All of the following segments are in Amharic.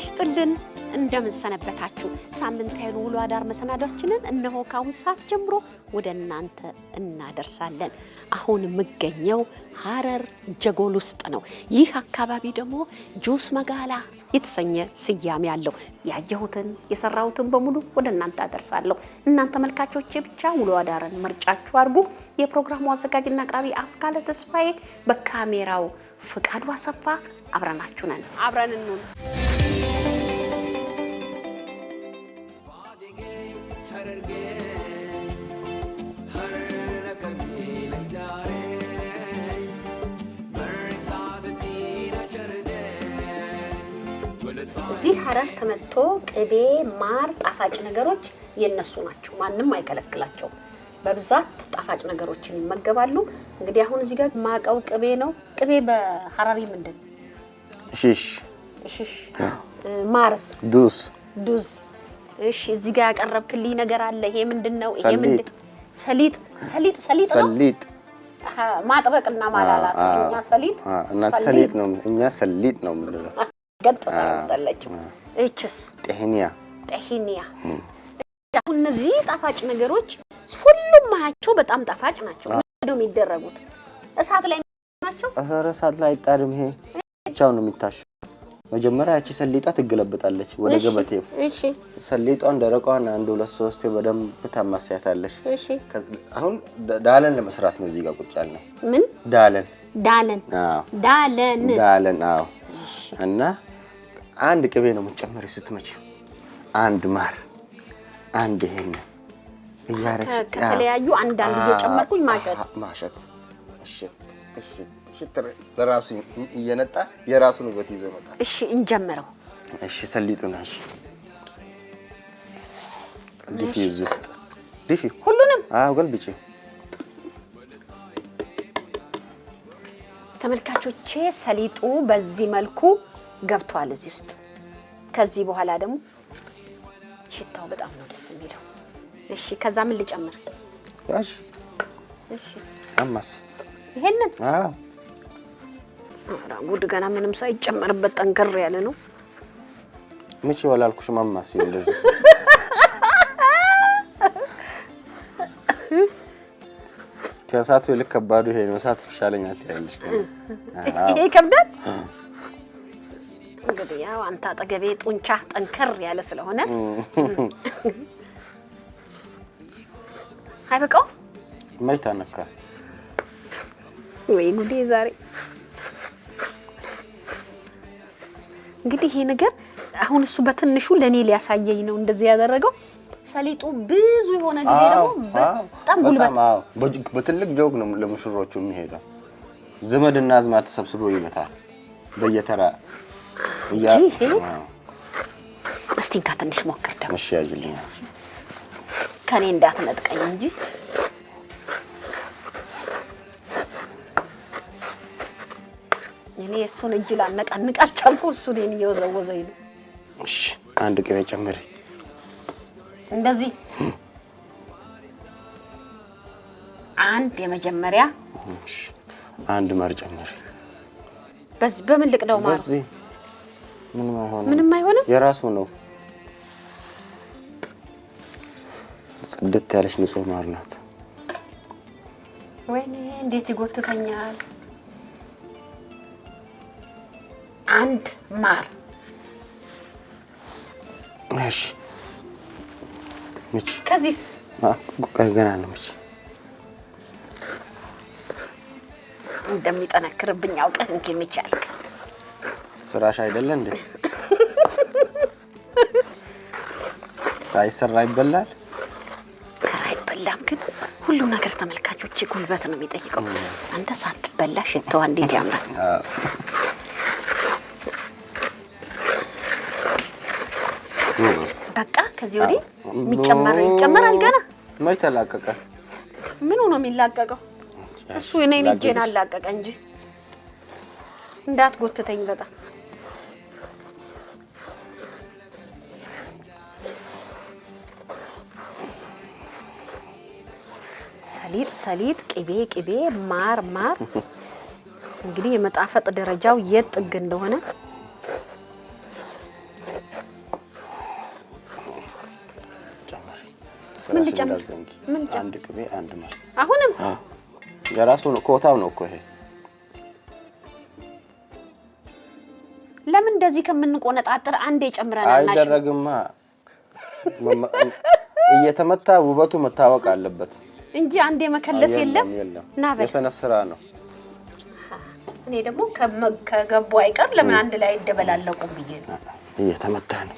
ይስጥልን። እንደምንሰነበታችሁ ሰነበታችሁ? ሳምንታዊ ውሎ አዳር መሰናዷችንን እነሆ ካሁን ሰዓት ጀምሮ ወደ እናንተ እናደርሳለን። አሁን የምገኘው ሀረር ጀጎል ውስጥ ነው። ይህ አካባቢ ደግሞ ጁስ መጋላ የተሰኘ ስያሜ አለው። ያየሁትን የሰራሁትን በሙሉ ወደ እናንተ አደርሳለሁ። እናንተ መልካቾቼ ብቻ ውሎ አዳርን ምርጫችሁ አድርጉ። የፕሮግራሙ አዘጋጅና አቅራቢ አስካለ ተስፋዬ፣ በካሜራው ፍቃዱ አሰፋ፣ አብረናችሁ ነን። አብረን እንሁን። ሐረር ተመቶ ቅቤ፣ ማር፣ ጣፋጭ ነገሮች የነሱ ናቸው። ማንም አይከለክላቸውም። በብዛት ጣፋጭ ነገሮችን ይመገባሉ። እንግዲህ አሁን እዚህ ጋር ማቀው ቅቤ ነው። ቅቤ በሐረሪ ምንድን ነው? ሽሽ ሽሽ። ማርስ? ዱዝ ዱዝ። እሺ፣ እዚህ ጋር ያቀረብክልኝ ነገር አለ። ይሄ ምንድን ነው? ይሄ ምንድን ሰሊጥ ሰሊጥ ሰሊጥ ነው። ሰሊጥ ማጥበቅ እና ማላላት። እኛ ሰሊጥ እናት ሰሊጥ ነው። እኛ ሰሊጥ ነው ምንድነው? ገጥ ታለችው እችስ ጤህንያ ጤህንያ። አሁን እነዚህ ጣፋጭ ነገሮች ሁሉም ማያቸው በጣም ጣፋጭ ናቸው። ምንድነው የሚደረጉት? እሳት ላይ ናቸው። ኧረ እሳት ላይ አይጣድም። ይሄ ብቻውን ነው የሚታሸው። መጀመሪያ ያቺ ሰሊጣ ትገለብጣለች ወደ ገበቴው። እሺ ሰሊጣውን ደረቋን አንድ ሁለት ሶስት በደንብ ታማስያታለሽ። እሺ አሁን ዳለን ለመስራት ነው እዚህ ጋር ቁጭ ያልነው። ምን ዳለን? ዳለን። አዎ ዳለን። ዳለን። አዎ እና አንድ ቅቤ ነው የምንጨምሪው ስትመች፣ አንድ ማር፣ አንድ ይሄን እያረግሽ ከተለያዩ አንዳንድ እየጨመርኩኝ ማሸት ማሸት እሽት እሽት እሽት ለራሱ እየነጣ የራሱን ውበት ይዞ ይመጣ። እሺ እንጀምረው። እሺ ሰሊጡን እሺ ዲፊ እዚህ ውስጥ ዲፊ ሁሉንም። አዎ ገልብጪ። ተመልካቾቼ ሰሊጡ በዚህ መልኩ ገብቷል እዚህ ውስጥ። ከዚህ በኋላ ደግሞ ሽታው በጣም ነው ደስ የሚለው። እሺ፣ ከዛ ምን ልጨምር? እሺ፣ እሺ፣ አማስ ይሄንን። አዎ፣ ጉድ! ገና ምንም ሳይጨመርበት ጠንከር ያለ ነው። መቼ ወላልኩሽ ማማስ እንደዚህ ከእሳቱ ይልቅ ከባዱ ይሄ ነው። እሳት ይሻለኛል ትያለሽ። ይሄ ይከብዳል። ያው አንተ አጠገቤ ጡንቻ ጠንከር ያለ ስለሆነ አይበቃው። መች ታነካ? ወይ ጉዴ! ዛሬ እንግዲህ ይሄ ነገር አሁን እሱ በትንሹ ለእኔ ሊያሳየኝ ነው እንደዚህ ያደረገው። ሰሊጡ ብዙ የሆነ ጊዜ ደግሞ በጣም ጉልበት በትልቅ ጆግ ነው ለሙሽሮቹ የሚሄደው። ዘመድና አዝማድ ተሰብስበው ይመታል በየተራ እስቲ እንካ ትንሽ ሞክር ደግሞ። እሺ ያዥልኝ፣ ከኔ እንዳትነጥቀኝ እንጂ እኔ እሱን እጅ ላነቃንቅ አልቻልኩ። እሱ እኔን እየወዘወዘኝ ነው። እሺ አንድ ቅቤ ጨምሪ፣ እንደዚህ አንድ የመጀመሪያ አንድ ማር በዚህ በምን ልቅደው ምንም አይሆንም፣ ምንም አይሆንም። የራሱ ነው። ጽድት ያለች ንጹህ ማር ናት። ወይኔ እንዴት ይጎትተኛል! አንድ ማር እሺ። ምች ከዚህስ ገና ነው። ምች እንደሚጠነክርብኝ አውቀህ እንግዲህ ምች አልክ። ስራሽ አይደለ እንዴ? ሳይሰራ ይበላል። ስራ አይበላም፣ ግን ሁሉ ነገር ተመልካቾች ጉልበት ነው የሚጠይቀው። አንተ ሳትበላ ሽተዋ እንዴት ያምራል! በቃ ከዚህ ወዲህ የሚጨመር ይጨመራል። ገና መች ተላቀቀ? ምኑ ነው የሚላቀቀው? እሱ እኔ ልጄን አላቀቀ እንጂ እንዳትጎትተኝ በጣም ሰሊጥ ሰሊጥ፣ ቅቤ ቅቤ፣ ማር ማር። እንግዲህ የመጣፈጥ ደረጃው የት ጥግ እንደሆነ ምን ልጨምር? አንድ ቅቤ አንድ ማር። አሁንም የራሱ ነው ኮታው ነው እኮ ይሄ። ለምን እንደዚህ ከምንቆነጣጥር አንዴ አይደረግማ እየተመታ ውበቱ መታወቅ አለበት። እንጂ አንዴ መከለስ የለም። ና በል የሰነፍ ስራ ነው። እኔ ደግሞ ከገቡ አይቀር ለምን አንድ ላይ አይደበላለቁም ብዬ ነው እየተመታ ነው።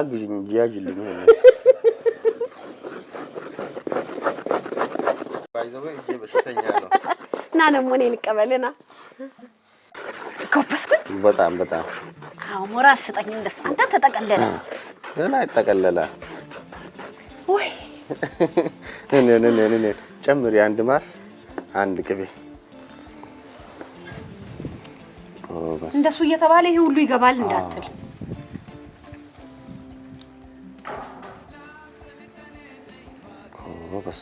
አግዥኝ እንጂ ያዥልኝ። ና ደግሞ እኔ ልቀበልና ኮበስኩኝ። በጣም በጣም አዎ፣ ሞራል ስጠኝ እንደሱ። አንተ ተጠቀለለ ገና ይጠቀለላ ወይ? ጨምሪ አንድ ማር አንድ ቅቤ እንደሱ እየተባለ ይሄ ሁሉ ይገባል እንዳትል هو بس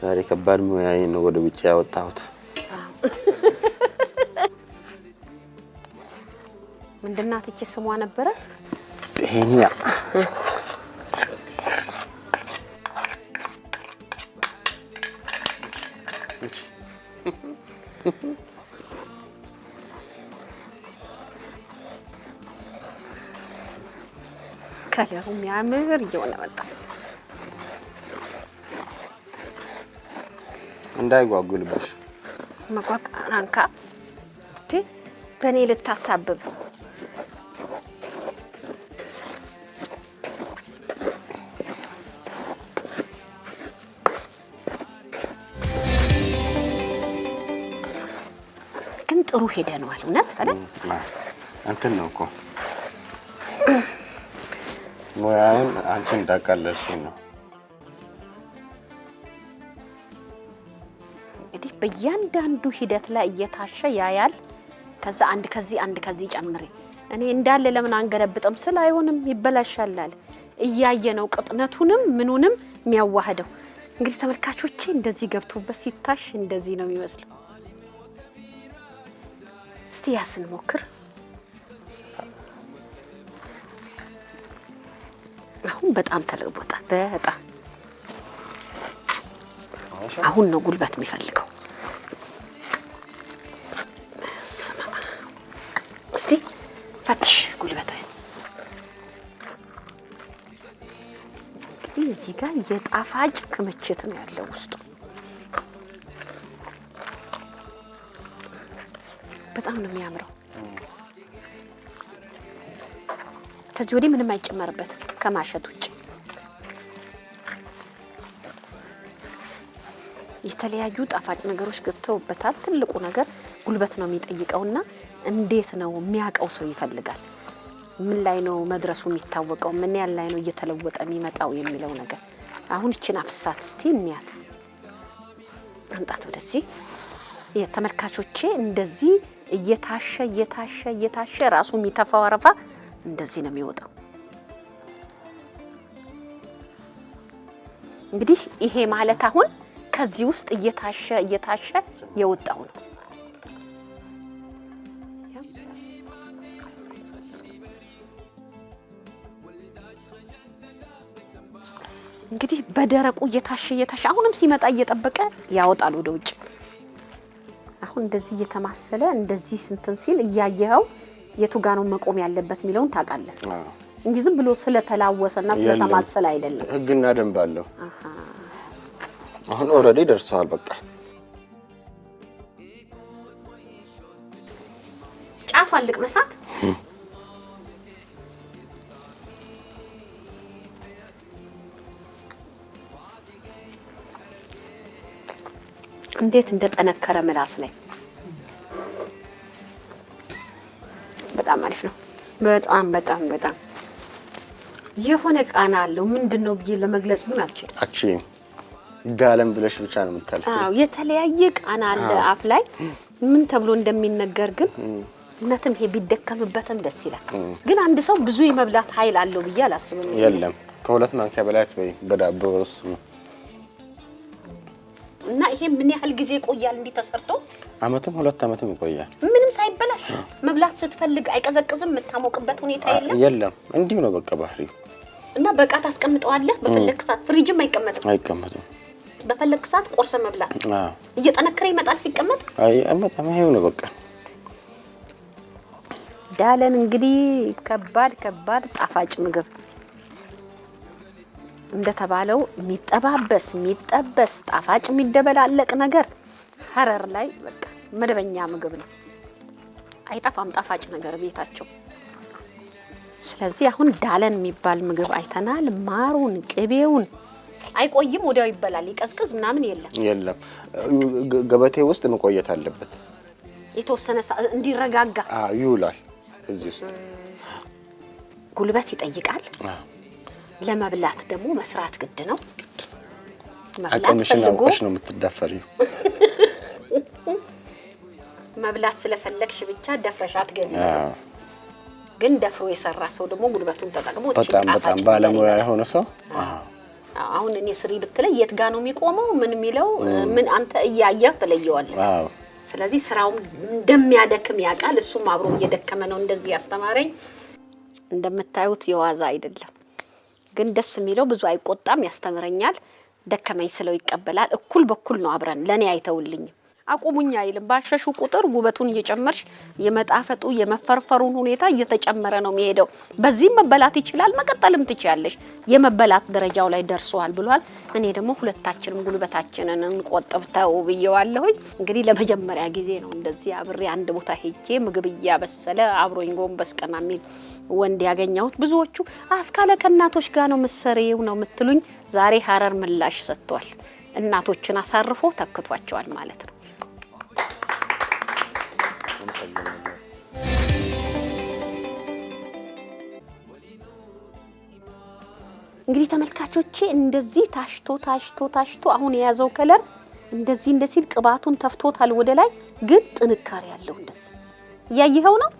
ዛሬ ከባድ ሙያዬ ነው ወደ ውጭ ያወጣሁት። ምንድናት እቺ ስሟ ነበረ? ጤንያ ከለሩ የሚያምር እየሆነ መጣ። እንዳይጓጉልብሽ መጓራንካ በእኔ ልታሳብብ ግን ጥሩ አለ። እውነት አይደል? እንትን ነው እኮ ሙያውን አንቺ እንዳቃለልሽኝ ነው። እንግዲህ በእያንዳንዱ ሂደት ላይ እየታሸ ያያል። ከዛ አንድ ከዚህ አንድ ከዚህ ጨምሬ እኔ እንዳለ ለምን አንገለብጥም ስል አይሆንም፣ ይበላሻላል። እያየ ነው ቅጥነቱንም ምኑንም የሚያዋህደው። እንግዲህ ተመልካቾቼ እንደዚህ ገብቶበት ሲታሽ እንደዚህ ነው የሚመስለው። እስቲ ያስን ሞክር አሁን በጣም ተለውጧል። በጣም አሁን ነው ጉልበት የሚፈልገው። እስቲ ፈትሽ ጉልበት። እንግዲህ እዚህ ጋር የጣፋጭ ክምችት ነው ያለው ውስጡ። በጣም ነው የሚያምረው። ከዚህ ወዲህ ምንም አይጨመርበትም። ከማሸት ውጭ የተለያዩ ጣፋጭ ነገሮች ገብተውበታል። ትልቁ ነገር ጉልበት ነው የሚጠይቀውና እንዴት ነው የሚያውቀው ሰው ይፈልጋል። ምን ላይ ነው መድረሱ የሚታወቀው፣ ምን ያህል ላይ ነው እየተለወጠ የሚመጣው የሚለው ነገር። አሁን እችን አፍሳት እስቲ እንያት፣ መምጣት ወደዚህ። ተመልካቾቼ እንደዚህ እየታሸ እየታሸ እየታሸ ራሱ የሚተፋ ወረፋ እንደዚህ ነው የሚወጣው። እንግዲህ ይሄ ማለት አሁን ከዚህ ውስጥ እየታሸ እየታሸ የወጣው ነው። እንግዲህ በደረቁ እየታሸ እየታሸ አሁንም ሲመጣ እየጠበቀ ያወጣል ወደ ውጭ። አሁን እንደዚህ እየተማሰለ እንደዚህ ስንትን ሲል እያየኸው የቱ ጋ ነው መቆም ያለበት የሚለውን ታውቃለህ። እንጂ ዝም ብሎ ስለተላወሰና ስለተማሰለ አይደለም። ህግና ደንብ አለው። አሁን ኦልሬዲ ደርሰዋል። በቃ ጫፍ አልቅ መሳት እንዴት እንደጠነከረ ምላስ ላይ በጣም አሪፍ ነው። በጣም በጣም በጣም የሆነ ቃና አለው። ምንድን ነው ብዬ ለመግለጽ ግን አልችልም። አቺ ጋለም ብለሽ ብቻ ነው የምታልፍ። አዎ የተለያየ ቃና አለ አፍ ላይ ምን ተብሎ እንደሚነገር ግን እውነትም ይሄ ቢደከምበትም ደስ ይላል። ግን አንድ ሰው ብዙ የመብላት ኃይል አለው ብዬ አላስብም። የለም ከሁለት ማንኪያ በላይ አትበይ በዳቦ በርሱ እና ይሄ ምን ያህል ጊዜ ይቆያል? እንዲህ ተሰርቶ አመትም ሁለት አመትም ይቆያል፣ ምንም ሳይበላሽ መብላት ስትፈልግ አይቀዘቅዝም። የምታሞቅበት ሁኔታ የለም። የለም እንዲሁ ነው በቃ ባህሪው እና በቃ ታስቀምጠዋለህ። በፈለክ ሰዓት ፍሪጅም አይቀመጥም አይቀመጥም። በፈለክ ሰዓት ቆርሰ መብላት እየጠነከረ ይመጣል። ሲቀመጥ አይ ይሄው ነው በቃ ዳለን እንግዲህ ከባድ ከባድ ጣፋጭ ምግብ እንደተባለው የሚጠባበስ የሚጠበስ ጣፋጭ የሚደበላለቅ ነገር ሀረር ላይ በቃ መደበኛ ምግብ ነው። አይጠፋም ጣፋጭ ነገር ቤታቸው ስለዚህ አሁን ዳለን የሚባል ምግብ አይተናል። ማሩን ቅቤውን አይቆይም፣ ወዲያው ይበላል። ይቀዝቅዝ ምናምን የለም የለም። ገበቴ ውስጥ መቆየት አለበት የተወሰነ እንዲረጋጋ ይውላል። እዚህ ውስጥ ጉልበት ይጠይቃል። ለመብላት ደግሞ መስራት ግድ ነው። አቅምሽን አውቀሽ ነው የምትዳፈሪው። መብላት ስለፈለግሽ ብቻ ደፍረሻት ገቢ ግን ደፍሮ የሰራ ሰው ደግሞ ጉልበቱን ተጠቅሞ በጣም በጣም ባለሙያ የሆነ ሰው አሁን እኔ ስሪ ብትለይ የት ጋ ነው የሚቆመው? ምን የሚለው ምን አንተ እያየ ትለየዋለህ። ስለዚህ ስራውም እንደሚያደክም ያውቃል። እሱም አብሮ እየደከመ ነው እንደዚህ ያስተማረኝ። እንደምታዩት የዋዛ አይደለም። ግን ደስ የሚለው ብዙ አይቆጣም፣ ያስተምረኛል። ደከመኝ ስለው ይቀበላል። እኩል በኩል ነው አብረን ለእኔ አይተውልኝም። አቁሙኝ አይልም። ባሸሹ ቁጥር ውበቱን እየጨመርሽ የመጣፈጡ የመፈርፈሩን ሁኔታ እየተጨመረ ነው የሚሄደው። በዚህም መበላት ይችላል፣ መቀጠልም ትችያለሽ። የመበላት ደረጃው ላይ ደርሰዋል ብሏል። እኔ ደግሞ ሁለታችንም ጉልበታችንን እንቆጥብተው ብየዋለሁኝ። እንግዲህ ለመጀመሪያ ጊዜ ነው እንደዚህ አብሬ አንድ ቦታ ሄጄ ምግብ እያበሰለ አብሮኝ ጎንበስ ቀና የሚል ወንድ ያገኘሁት። ብዙዎቹ አስካለ ከእናቶች ጋር ነው ምሰሬው ነው የምትሉኝ። ዛሬ ሀረር ምላሽ ሰጥቷል። እናቶችን አሳርፎ ተክቷቸዋል ማለት ነው። አመሰግናለሁ። እንግዲህ ተመልካቾቼ እንደዚህ ታሽቶ ታሽቶ ታሽቶ አሁን የያዘው ከለር እንደዚህ እንደ ሲል ቅባቱን ተፍቶታል ወደ ላይ ግን ጥንካሬ ያለው እንደዚህ እያየኸው ነው።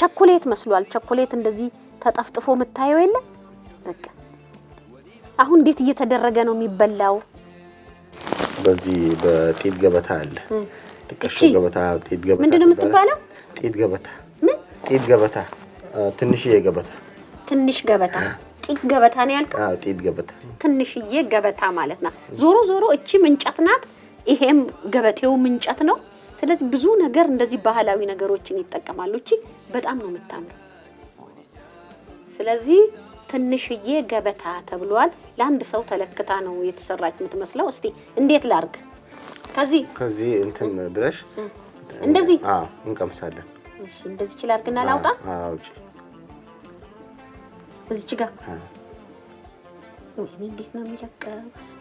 ቸኮሌት መስሏል። ቸኮሌት እንደዚህ ተጠፍጥፎ የምታየው የለም። በቃ አሁን እንዴት እየተደረገ ነው የሚበላው? በዚህ በጤፍ ገበታ አለ ጥቀሾ ገበታ፣ ጤት ገበታ ምንድነው የምትባለው? ጤት ገበታ ምን? ጤት ገበታ፣ ትንሽዬ ገበታ፣ ትንሽ ገበታ፣ ጤት ገበታ ነው ያልከው? አዎ ጤት ገበታ፣ ትንሽዬ ገበታ ማለት ናት። ዞሮ ዞሮ እቺም እንጨት ናት፣ ይሄም ገበቴውም እንጨት ነው። ስለዚህ ብዙ ነገር እንደዚህ ባህላዊ ነገሮችን ይጠቀማሉ። እቺ በጣም ነው የምታምረው። ስለዚህ ትንሽዬ ገበታ ተብሏል። ለአንድ ሰው ተለክታ ነው የተሰራች የምትመስለው። እስቲ እንዴት ላርግ ከዚህ ከዚህ እንትን ብለሽ እንደዚህ። አዎ እንቀምሳለን። እሺ፣ እንደዚህ ይችላል። ግን አላውጣ። አዎ፣ እሺ፣ እዚች ጋር ወይኔ፣ እንዴት ነው የሚለቀው?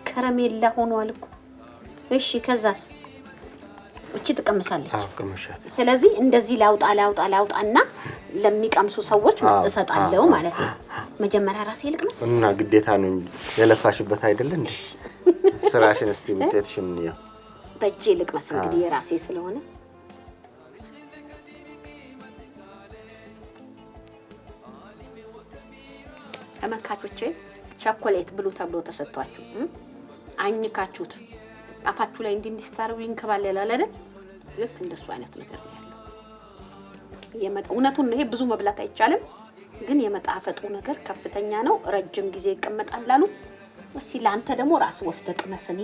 ከረሜላ ሆኗል እኮ። እሺ፣ ከዛስ? እቺ ትቀምሳለች። አዎ፣ ቀምሻት። ስለዚህ እንደዚህ ላውጣ፣ ላውጣ፣ ላውጣ እና ለሚቀምሱ ሰዎች እሰጣለሁ ማለት ነው። መጀመሪያ ራሴ ልቅመስ እና ግዴታ ነው። የለፋሽበት አይደለ እንዴ? ስራሽን እስቲ ውጤትሽን እንየው። በእጄ ልቅመስ እንግዲህ የራሴ ስለሆነ ተመልካቾቼ ቸኮሌት ብሉ ተብሎ ተሰጥቷችሁ አኝካችሁት አፋችሁ ላይ እንዲህ እንዲስታረው ይንከባለላል አይደል? ልክ እንደሱ አይነት ነገር ነው ያለው። እውነቱን ይሄ ብዙ መብላት አይቻልም፣ ግን የመጣፈጡ ነገር ከፍተኛ ነው። ረጅም ጊዜ ይቀመጣል አሉ። እስቲ ለአንተ ደግሞ ራስ ወስደ ቅመስኔ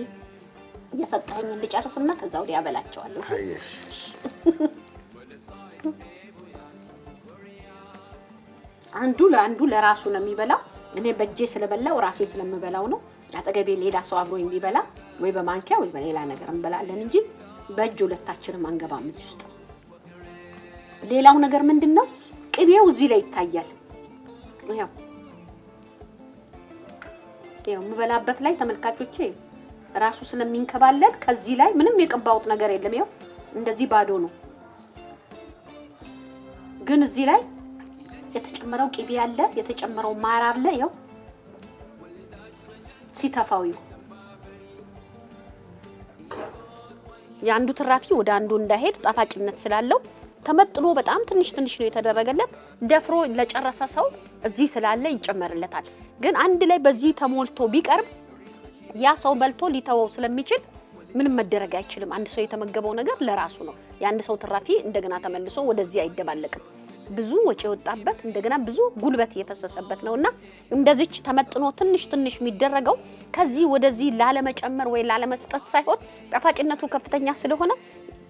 እየሰጠኸኝ ልጨርስና ከዛ ወዲያ አበላቸዋለሁ። አንዱ ለአንዱ ለራሱ ነው የሚበላው። እኔ በእጄ ስለበላው ራሴ ስለምበላው ነው። አጠገቤ ሌላ ሰው አብሮ የሚበላ ወይ በማንኪያ ወይ በሌላ ነገር እንበላለን እንጂ በእጅ ሁለታችንም አንገባም እዚህ ውስጥ። ሌላው ነገር ምንድን ነው? ቅቤው እዚህ ላይ ይታያል። ያው የምበላበት ላይ ተመልካቾቼ ራሱ ስለሚንከባለል ከዚህ ላይ ምንም የቀባውት ነገር የለም። ይኸው እንደዚህ ባዶ ነው። ግን እዚህ ላይ የተጨመረው ቂቤ አለ፣ የተጨመረው ማር አለ። ይኸው ሲተፋው የአንዱ ትራፊ ወደ አንዱ እንዳይሄድ ጣፋጭነት ስላለው ተመጥኖ በጣም ትንሽ ትንሽ ነው የተደረገለት። ደፍሮ ለጨረሰ ሰው እዚህ ስላለ ይጨመርለታል። ግን አንድ ላይ በዚህ ተሞልቶ ቢቀርብ ያ ሰው በልቶ ሊተወው ስለሚችል ምንም መደረግ አይችልም። አንድ ሰው የተመገበው ነገር ለራሱ ነው። የአንድ ሰው ትራፊ እንደገና ተመልሶ ወደዚህ አይደባለቅም። ብዙ ወጪ የወጣበት እንደገና ብዙ ጉልበት የፈሰሰበት ነው እና እንደዚች ተመጥኖ ትንሽ ትንሽ የሚደረገው ከዚህ ወደዚህ ላለመጨመር ወይ ላለመስጠት ሳይሆን ጣፋጭነቱ ከፍተኛ ስለሆነ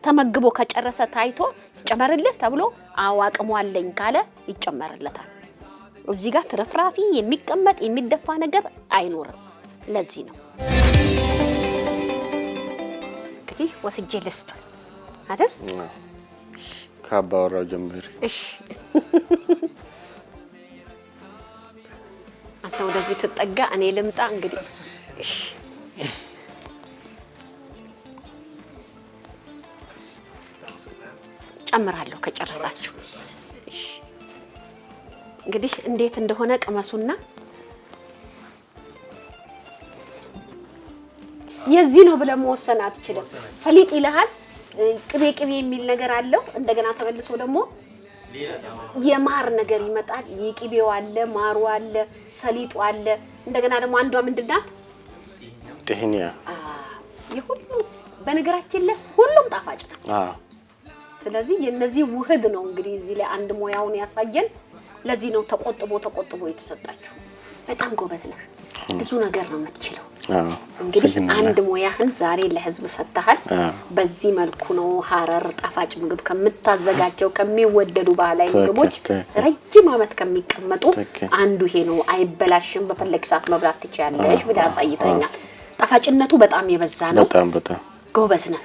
ተመግቦ ከጨረሰ ታይቶ ይጨመርልህ ተብሎ አዋቅሙ አለኝ ካለ ይጨመርለታል። እዚህ ጋር ትርፍራፊ የሚቀመጥ የሚደፋ ነገር አይኖርም። ለዚህ ነው እንግዲህ ወስጄ ልስጥ አይደል? ከአባወራው ጀምር። እሺ፣ አንተ ወደዚህ ትጠጋ፣ እኔ ልምጣ። እንግዲህ እሺ ጨምራለሁ ከጨረሳችሁ። እንግዲህ እንዴት እንደሆነ ቅመሱና የዚህ ነው ብለህ መወሰን አትችልም። ሰሊጥ ይልሃል፣ ቅቤ ቅቤ የሚል ነገር አለው። እንደገና ተመልሶ ደግሞ የማር ነገር ይመጣል። የቅቤው አለ፣ ማሩ አለ፣ ሰሊጡ አለ። እንደገና ደግሞ አንዷ ምንድን ናት? ጤህንያ። የሁሉ በነገራችን ላይ ሁሉም ጣፋጭ ናት። ስለዚህ የነዚህ ውህድ ነው እንግዲህ እዚህ ላይ አንድ ሙያውን ያሳየን። ለዚህ ነው ተቆጥቦ ተቆጥቦ የተሰጣችሁ። በጣም ጎበዝ ነህ። ብዙ ነገር ነው የምትችለው። እንግዲህ አንድ ሙያህን ዛሬ ለህዝብ ሰጥተሃል። በዚህ መልኩ ነው ሀረር ጣፋጭ ምግብ ከምታዘጋጀው ከሚወደዱ ባህላዊ ምግቦች ረጅም አመት ከሚቀመጡ አንዱ ይሄ ነው። አይበላሽም፣ በፈለግ ሰዓት መብላት ትችያለሽ ብለህ አሳይተኛል። ጣፋጭነቱ በጣም የበዛ ነው። በጣም በጣም ጎበዝ ነህ።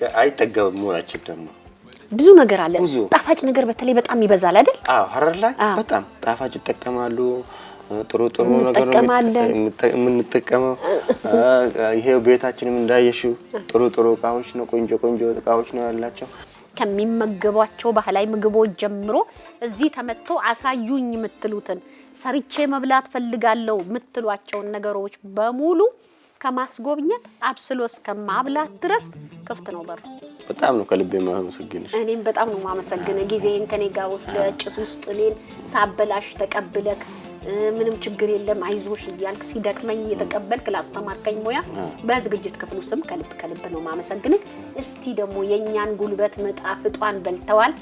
ግን አይጠገብም ሙያችን ደግሞ ብዙ ነገር አለ። ጣፋጭ ነገር በተለይ በጣም ይበዛል አይደል? አዎ ሀረር ላይ በጣም ጣፋጭ ይጠቀማሉ። ጥሩ ጥሩ ነገር የምንጠቀመው ይሄው ቤታችንም እንዳየሽው ጥሩ ጥሩ እቃዎች ነው፣ ቆንጆ ቆንጆ እቃዎች ነው ያላቸው። ከሚመገቧቸው ባህላዊ ምግቦች ጀምሮ እዚህ ተመጥቶ አሳዩኝ የምትሉትን ሰርቼ መብላት ፈልጋለሁ የምትሏቸውን ነገሮች በሙሉ ከማስጎብኘት አብስሎ እስከ ማብላት ድረስ ክፍት ነው በሩ። በጣም ነው ከልቤ ማመሰግንሽ። እኔም በጣም ነው ማመሰግነ ጊዜህን ከኔ ጋር ወስደ ጭስ ውስጥ እኔን ሳበላሽ ተቀብለክ ምንም ችግር የለም አይዞሽ እያልክ ሲደክመኝ እየተቀበልክ ላስተማርከኝ ሙያ በዝግጅት ክፍሉ ስም ከልብ ከልብ ነው ማመሰግንህ። እስቲ ደግሞ የእኛን ጉልበት መጣፍጧን በልተዋል።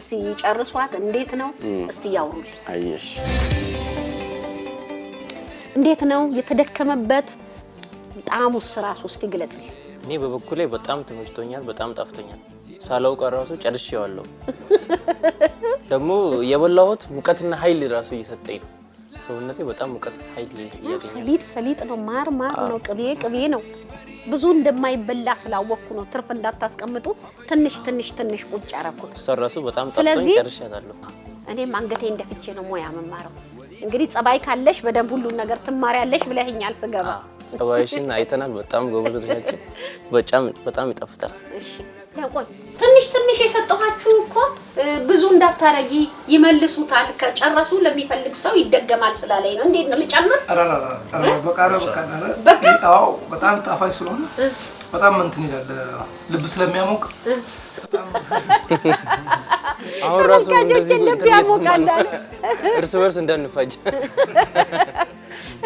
እስቲ ይጨርሷት እንዴት ነው? እስቲ ያውሩልኝ። እንዴት ነው የተደከመበት ጣሙ እራሱ እስቲ ግለጽልኝ። እኔ በበኩሌ በጣም ተመችቶኛል፣ በጣም ጣፍቶኛል። ሳላውቀ ራሱ ጨርሼዋለሁ። ደግሞ የበላሁት ሙቀትና ኃይል ራሱ እየሰጠኝ ነው። ሰውነቴ በጣም ሙቀት ኃይል ሰሊጥ ሰሊጥ ነው፣ ማር ማር ነው፣ ቅቤ ቅቤ ነው። ብዙ እንደማይበላ ስላወቅኩ ነው። ትርፍ እንዳታስቀምጡ ትንሽ ትንሽ ትንሽ ቁጭ አረኩት። ሰራሱ በጣም ስለዚህ እኔም አንገቴ እንደፍቼ ነው ሙያ መማረው። እንግዲህ ጸባይ ካለሽ በደንብ ሁሉን ነገር ትማሪያለሽ ብለህኛል ስገባ። ጸባይሽን አይተናል። በጣም ጎበዝ ልጃችን፣ በጣም ይጣፍጣል። እሺ ቆይ ትንሽ ትንሽ የሰጠኋችሁ እኮ ብዙ እንዳታረጊ ይመልሱታል። ከጨረሱ ለሚፈልግ ሰው ይደገማል ስላለኝ ነው። እንዴት ነው ልጨምር? በቃ በጣም ጣፋጭ ስለሆነ በጣም እንትን ይላል ልብ ስለሚያሞቅ አሁን ራሱ ልብ ያሞቃል። እርስ በርስ እንዳንፋጅ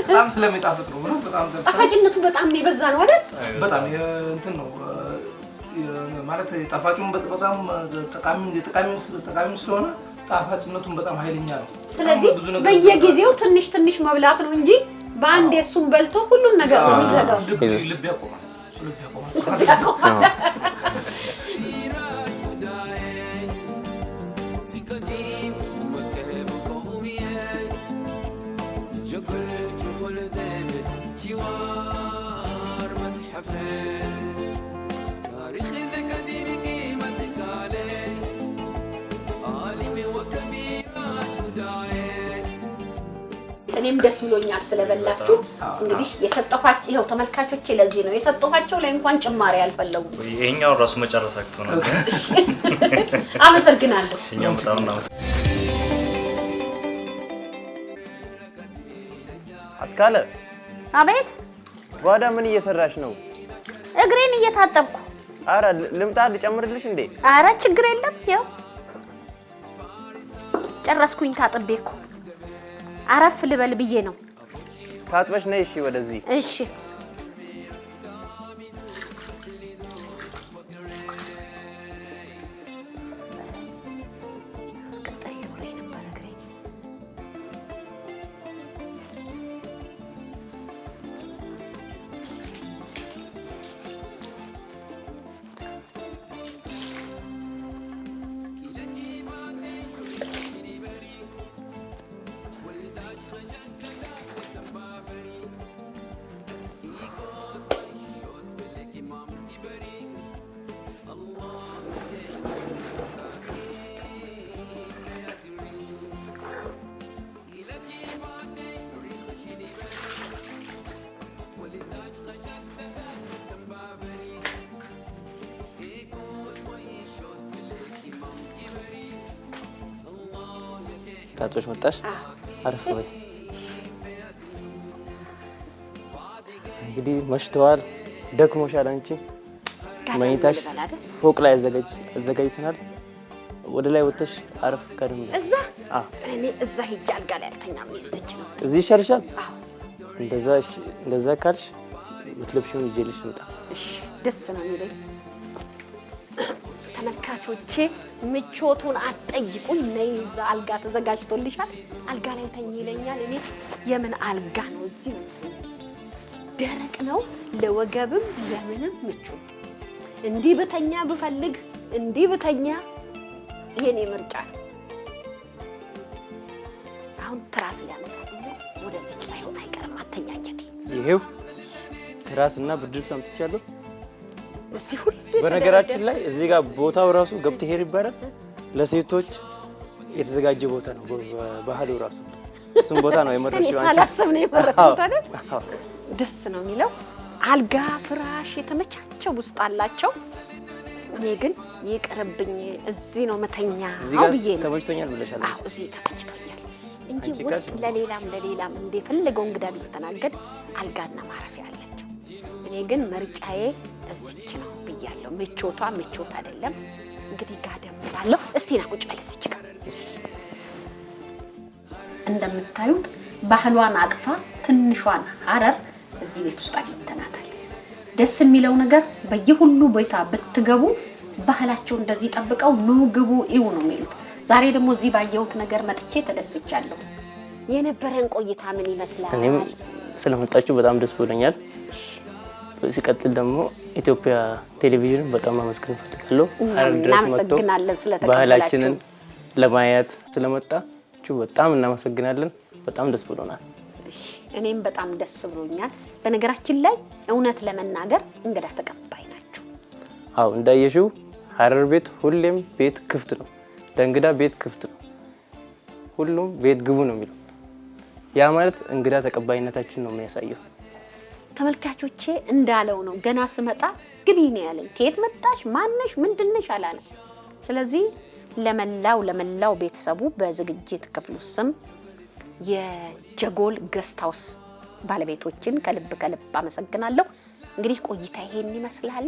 በጣም ስለሚጣፍጥ ነው። በጣም ጣፋጭነቱ በጣም የበዛ ነው አይደል? በጣም እንትን ነው ማለት ጣፋጩን በጣም ጠቃሚ ስለሆነ ጣፋጭነቱን በጣም ኃይለኛ ነው። ስለዚህ በየጊዜው ትንሽ ትንሽ መብላት ነው እንጂ በአንድ የሱን በልቶ ሁሉን ነገር ነው የሚዘጋው። ልብ ያቆማል። ልብ ያቆማል። እኔም ደስ ብሎኛል ስለበላችሁ። እንግዲህ የሰጠኋቸው ይኸው ተመልካቾች፣ ለዚህ ነው የሰጠኋቸው ላይ እንኳን ጭማሪ አልፈለጉም። ይሄኛው ራሱ መጨረስ ነው። አመሰግናለሁ። አስካለ። አቤት። ጓዳ ምን እየሰራሽ ነው? እግሬን እየታጠብኩ። አረ ልምጣ ልጨምርልሽ እንዴ? አረ ችግር የለም። ያው ጨረስኩኝ ታጥቤ እኮ አረፍ ልበል ብዬ ነው። ታጥበሽ ነይ። እሺ፣ ወደዚህ እሺ ታጦች መጣሽ? አረፍ በይ። እንግዲህ መሽተዋል፣ ደክሞሻል። አንቺ መኝታሽ ፎቅ ላይ አዘጋጅተናል። ወደ ላይ ወጥተሽ አረፍ ከደም እዛ እኔ እዛ ሂጅ። አልጋ ላይ አልተኛም፣ እዚች ነው እዚህ ይሻልሻል። እንደዛ እንደዛ ካልሽ ምትለብሽውን ይዤልሽ ልውጣ። ደስ ነው የሚለኝ ተመልካቾቼ ምቾቱን አትጠይቁኝ። ነይ እዛ አልጋ ተዘጋጅቶልሻል፣ አልጋ ላይ ተኝ ይለኛል። እኔ የምን አልጋ ነው? እዚህ ደረቅ ነው፣ ለወገብም ለምንም ምቹ። እንዲህ ብተኛ ብፈልግ፣ እንዲህ ብተኛ የኔ ምርጫ ነው። አሁን ትራስ ሊያመጣ ወደዚች ሳይሆን አይቀርም አተኛኘት። ይሄው ትራስ እና ብርድ ልብስ አምጥቻለሁ። በነገራችን ላይ እዚህ ጋር ቦታው ራሱ ገብተ ሄር ይባላል። ለሴቶች የተዘጋጀ ቦታ ነው። ባህሉ ራሱ እሱም ቦታ ነው የመረሳላስብ ነው የመረጥኩት አይደል? ደስ ነው የሚለው። አልጋ ፍራሽ የተመቻቸው ውስጥ አላቸው። እኔ ግን ይቅርብኝ፣ እዚህ ነው መተኛ ብዬ ተመችቶኛል ብለሻል። እዚህ ተመችቶኛል እንጂ ውስጥ ለሌላም ለሌላም እንደፈለገው እንግዳ ቢስተናገድ አልጋና ማረፊያ አለን። እኔ ግን ምርጫዬ እዚች ነው ብያለሁ። ምቾቷ ምቾት አይደለም እንግዲህ ጋደም እስቲ ና ቁጭ በል እዚች ጋር። እንደምታዩት ባህሏን አቅፋ ትንሿን ሀረር እዚህ ቤት ውስጥ አግኝተናታል። ደስ የሚለው ነገር በየሁሉ ቦታ ብትገቡ ባህላቸው እንደዚህ ጠብቀው ኑ ግቡ ነው የሚሉት። ዛሬ ደግሞ እዚህ ባየሁት ነገር መጥቼ ተደስቻለሁ። የነበረን ቆይታ ምን ይመስላል? እኔም ስለመጣችሁ በጣም ደስ ብሎኛል። ሲቀጥል ደግሞ ኢትዮጵያ ቴሌቪዥን በጣም አመስገን እፈልጋለሁ። ሀረር ድረስ መጥቶ ባህላችንን ለማየት ስለመጣችሁ በጣም እናመሰግናለን። በጣም ደስ ብሎናል። እኔም በጣም ደስ ብሎኛል። በነገራችን ላይ እውነት ለመናገር እንግዳ ተቀባይ ናችሁ። አዎ እንዳየሽው ሀረር ቤት ሁሌም ቤት ክፍት ነው፣ ለእንግዳ ቤት ክፍት ነው። ሁሉም ቤት ግቡ ነው የሚለው። ያ ማለት እንግዳ ተቀባይነታችን ነው የሚያሳየው። ተመልካቾቼ እንዳለው ነው። ገና ስመጣ ግቢ ነው ያለኝ። ከየት መጣሽ ማነሽ ምንድነሽ አላለ። ስለዚህ ለመላው ለመላው ቤተሰቡ በዝግጅት ክፍሉ ስም የጀጎል ገስታውስ ባለቤቶችን ከልብ ከልብ አመሰግናለሁ። እንግዲህ ቆይታ ይሄን ይመስላል።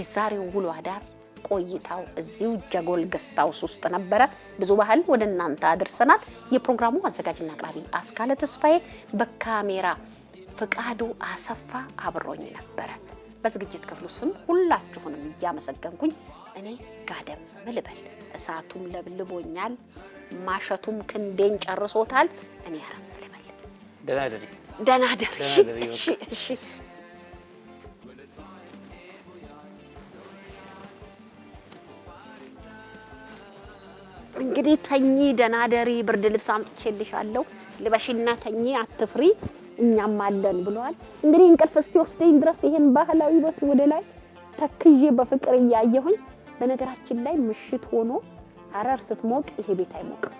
የዛሬው ውሎ አዳር ቆይታው እዚሁ ጀጎል ገስታውስ ውስጥ ነበረ። ብዙ ባህል ወደ እናንተ አድርሰናል። የፕሮግራሙ አዘጋጅና አቅራቢ አስካለ ተስፋዬ በካሜራ ፍቃዱ አሰፋ አብሮኝ ነበረ። በዝግጅት ክፍሉ ስም ሁላችሁንም እያመሰገንኩኝ እኔ ጋደም ልበል። እሳቱም ለብልቦኛል፣ ማሸቱም ክንዴን ጨርሶታል። እኔ አረፍ ልበል። ደናደሪ እሺ እንግዲህ ተኚ ደናደሪ፣ ብርድ ልብስ አምጥቼልሻለሁ። ልበሽና ተኚ፣ አትፍሪ። እኛም አለን ብለዋል። እንግዲህ እንቅልፍ እስኪወስደኝ ድረስ ይሄን ባህላዊ ውበት ወደ ላይ ተክዬ በፍቅር እያየሁኝ፣ በነገራችን ላይ ምሽት ሆኖ ሀረር ስትሞቅ ይሄ ቤት አይሞቅም።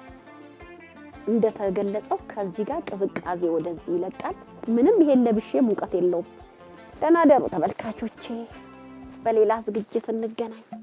እንደተገለጸው ከዚህ ጋር ቅዝቃዜ ወደዚህ ይለቃል። ምንም ይሄን ለብሼ ሙቀት የለውም። ደህና ደሩ ተመልካቾቼ፣ በሌላ ዝግጅት እንገናኝ።